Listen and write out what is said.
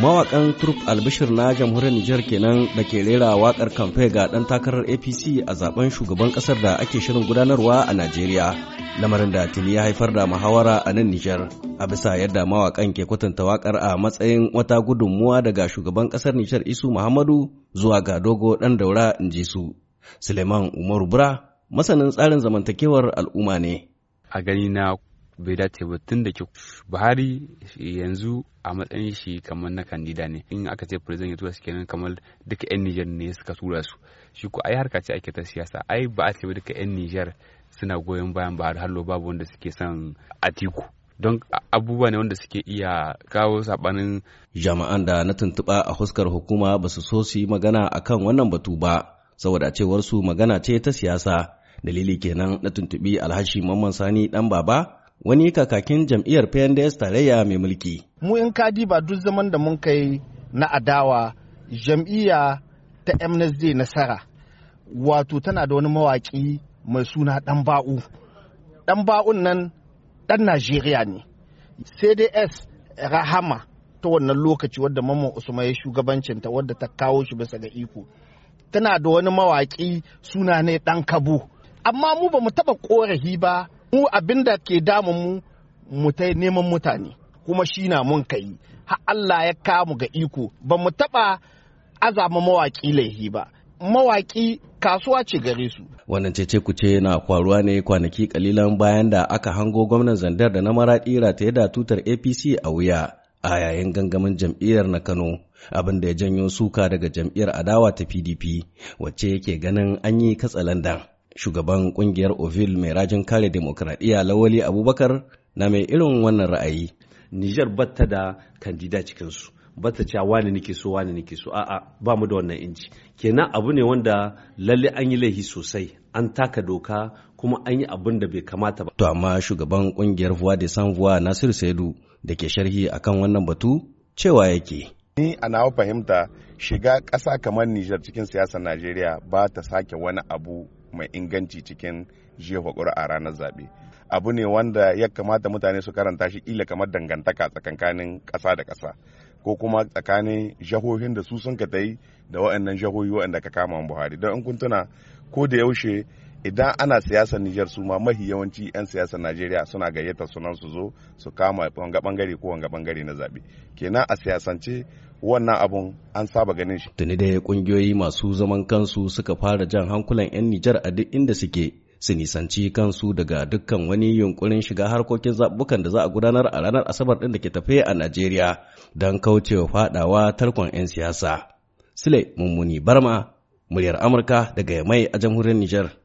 mawakan Turp Albishir na jamhuriyar Nijar kenan da ke rera wakar kamfe ga ɗan takarar APC a zaben shugaban ƙasar da ake shirin gudanarwa a Najeriya. Lamarin da tuni ya haifar da muhawara a nan Nijar, a bisa yadda mawakan ke kwatanta wakar a matsayin wata gudunmuwa daga shugaban ƙasar Nijar Isu Muhammadu zuwa ga dogo dan daura in ji su. Suleiman Umaru Bura, masanin tsarin zamantakewar al'umma ne. A gani na bai dace ba tun da ke buhari yanzu a matsayin shi kamar na kandida ne in aka ce president ya tura su kenan kamar duka yan nijar ne suka tura su shi ko ai harka ce ake ta siyasa ai ba a ce ba duka yan nijar suna goyon bayan buhari lo babu wanda suke son atiku don abubuwa ne wanda suke iya kawo sabanin jama'an da na tuntuɓa a huskar hukuma ba su so su yi magana akan wannan batu ba saboda cewar su magana ce ta siyasa dalili kenan na tuntuɓi alhashi mamman sani dan baba wani kakakin jam'iyyar PNDS tarayya mai mulki. Mu in ka ba duk zaman da mun kai na adawa jam'iyya ta MNSD nasara wato tana da wani mawaƙi mai suna ɗan ba'u. Ɗan ba'un nan ɗan Najeriya ne. CDS Rahama ta wannan lokaci wadda Mamman Usman ya shugabancin ta wadda ta kawo shi bisa ga iko. Tana da wani mawaƙi suna ne ɗan kabo. Amma mu ba mu taɓa ƙorafi ba mu abin da ke damun mu mu ta neman mutane kuma shi na mun kai ha Allah ya kamu ga iko ba mu taba azama mawaki laihi ba mawaki kasuwa ce gare su. Wannan cece ce na kwaruwa ne kwanaki kalilan bayan da aka hango gwamnan zandar da na maraɗira taya da tutar APC a wuya a yayin gangamin jam'iyyar na Kano abin da ya janyo suka daga jam'iyyar adawa ta PDP wacce yake ganin an yi katsalandan. Shugaban kungiyar Ovil mai rajin kare demokradiyya Lawali Abubakar na mai irin wannan ra'ayi. Nijar batta da kandida cikinsu. bata cewa wani nake so wani nake so a'a ba mu da wannan inci kenan abu ne wanda lalle an yi laifi sosai an taka doka kuma an yi abin da bai kamata ba to amma shugaban kungiyar vuwa de san vuwa nasiru Saidu da ke sharhi akan wannan batu cewa yake ni a nawa fahimta shiga ƙasa kamar Nijar cikin siyasar Najeriya ba ta sake wani abu mai inganci cikin jefa ƙuri'a ranar zaɓe abu ne wanda ya kamata mutane su karanta shi kila kamar dangantaka tsakankanin ƙasa da ƙasa ko kuma tsakanin jahohin da su sun ka ta da waɗannan jahohi waɗanda ka kama buhari don in kun tuna ko da yaushe idan ana siyasar Nijar su ma mahi yawanci 'yan siyasar Najeriya suna gayyata sunan su zo su kama wanga bangare ko wanga bangare na zabe kenan a siyasance wannan abun an saba ganin shi tuni da kungiyoyi masu zaman kansu suka fara jan hankulan 'yan Nijar a duk inda suke su nisanci kansu daga dukkan wani yunkurin shiga harkokin zaɓuɓɓukan da za a gudanar a ranar asabar ɗin da ke tafe a Najeriya don kaucewa faɗawa tarkon 'yan siyasa. Sule Mummuni Barma, muryar Amurka daga Yamai a jamhuriyar Nijar.